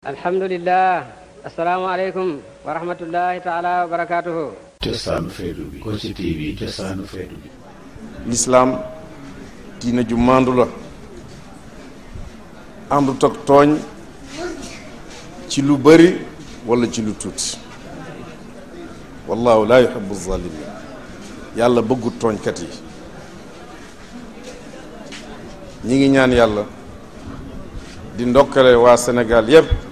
alhamdulilah asalaamaaleykum wa rahmatullahi taala wa barakaatuhu cosaanu feetu feetu bi lislaam diina ju maandu la àndut ak tooñ ci lu bari wala ci lu tuuti wallahu laa yuhibbu zalimin yàlla bëggut tooñkat yi ñi ngi ñaan yàlla di ndokkale waa senegaal yépp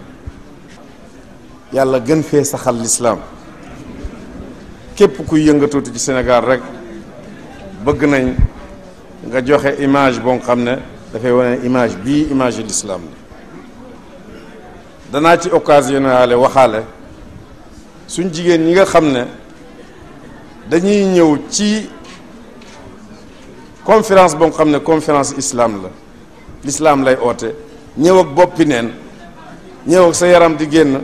yàlla gën fee saxal lislaam képp kuy yëngatuuti ci Sénégal rek bëgg nañ nga joxe image boo xam ne dafay wane image bii image lislaam la danaa ci occasionnale waxaale suñ jigéen ñi nga xam ne dañuy ñëw ci conférence boo xam ne conférence islaam la lislaam lay oote ñëw ak boppi neen ñëw sa yaram di génn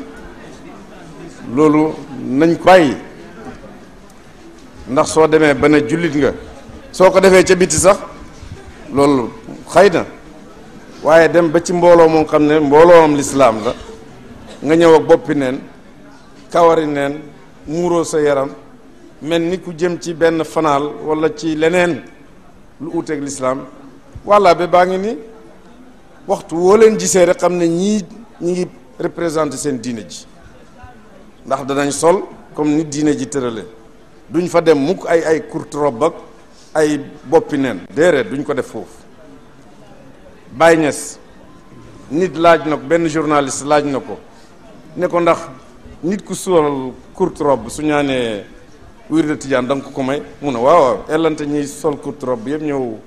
loolu nañ ko bàyyi ndax soo demee ba ne jullit nga soo ko defee ca biti sax loolu xëy na waaye dem ba ci mbooloo moom xam ne mbooloom lislaam la nga ñëw ak boppi neen kawari neen muuroo sa yaram mel ni ku jëm ci benn fanaal walla ci leneen lu uuteeg lislaam walla ba baa ngi nii waxtu woo leen gisee rek xam ne ñii ñi ngi représenté seen diina ji ndax danañ sol comme nit diine ji tërale duñ fa dem mukk ay ay courte robe ak ay boppi neen déedéet duñ ko def foofu bay Niass nit laaj na ko benn journaliste laaj na ko ne ko ndax nit ku sol courte robe su ñaanee wiir de tijaan da nga ko may mu ne waaw waaw ellante ñuy sol courte robe yëpp ñëw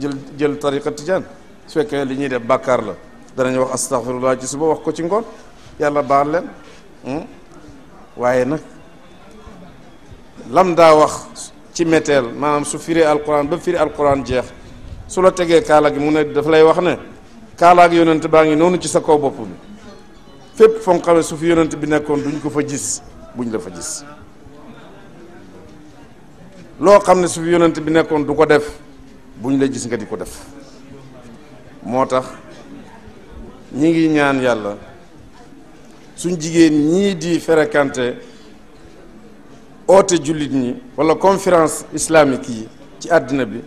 jël jël tariqa tijaan su fekkee li ñuy def bàkkaar la danañ wax astaghfirullah ci suba wax ko ci ngoon yàlla baal leen hmm? waaye nag lam daa wax ci meteel maanaam su firee alquran ba firee alquran jeex su la tegee kaala gi mu ne dafa lay wax ne kaalaag yonent baa ngi noonu ci sa kaw bopp bi fépp foo xam ne su fi yonent bi nekkoon duñ ko fa gis buñ la fa gis loo xam ne su bi nekkoon du ko def bu buñ la gis nga di ko def moo tax ñi ngi ñaan yàlla suñ jigéen ñii di fréquenté oote jullit ñi wala conférence islamique yi ci àddina bi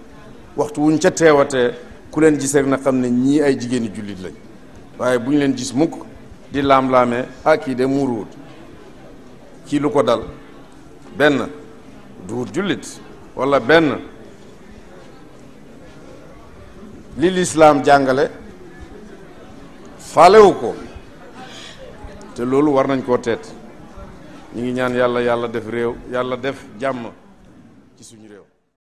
waxtu wuñ ca teewatee ku leen gis rek na xam ne ñii ay jigéeni jullit lañ waaye bu ñu leen gis mukk di laam-laamee ah kii de muuruwut ci lu ko dal benn duwut jullit wala benn li lislaam jàngale faalewu ko te loolu war nañ koo teet ñu ngi ñaan yàlla yàlla def réew yàlla def jàmm ci suñu réew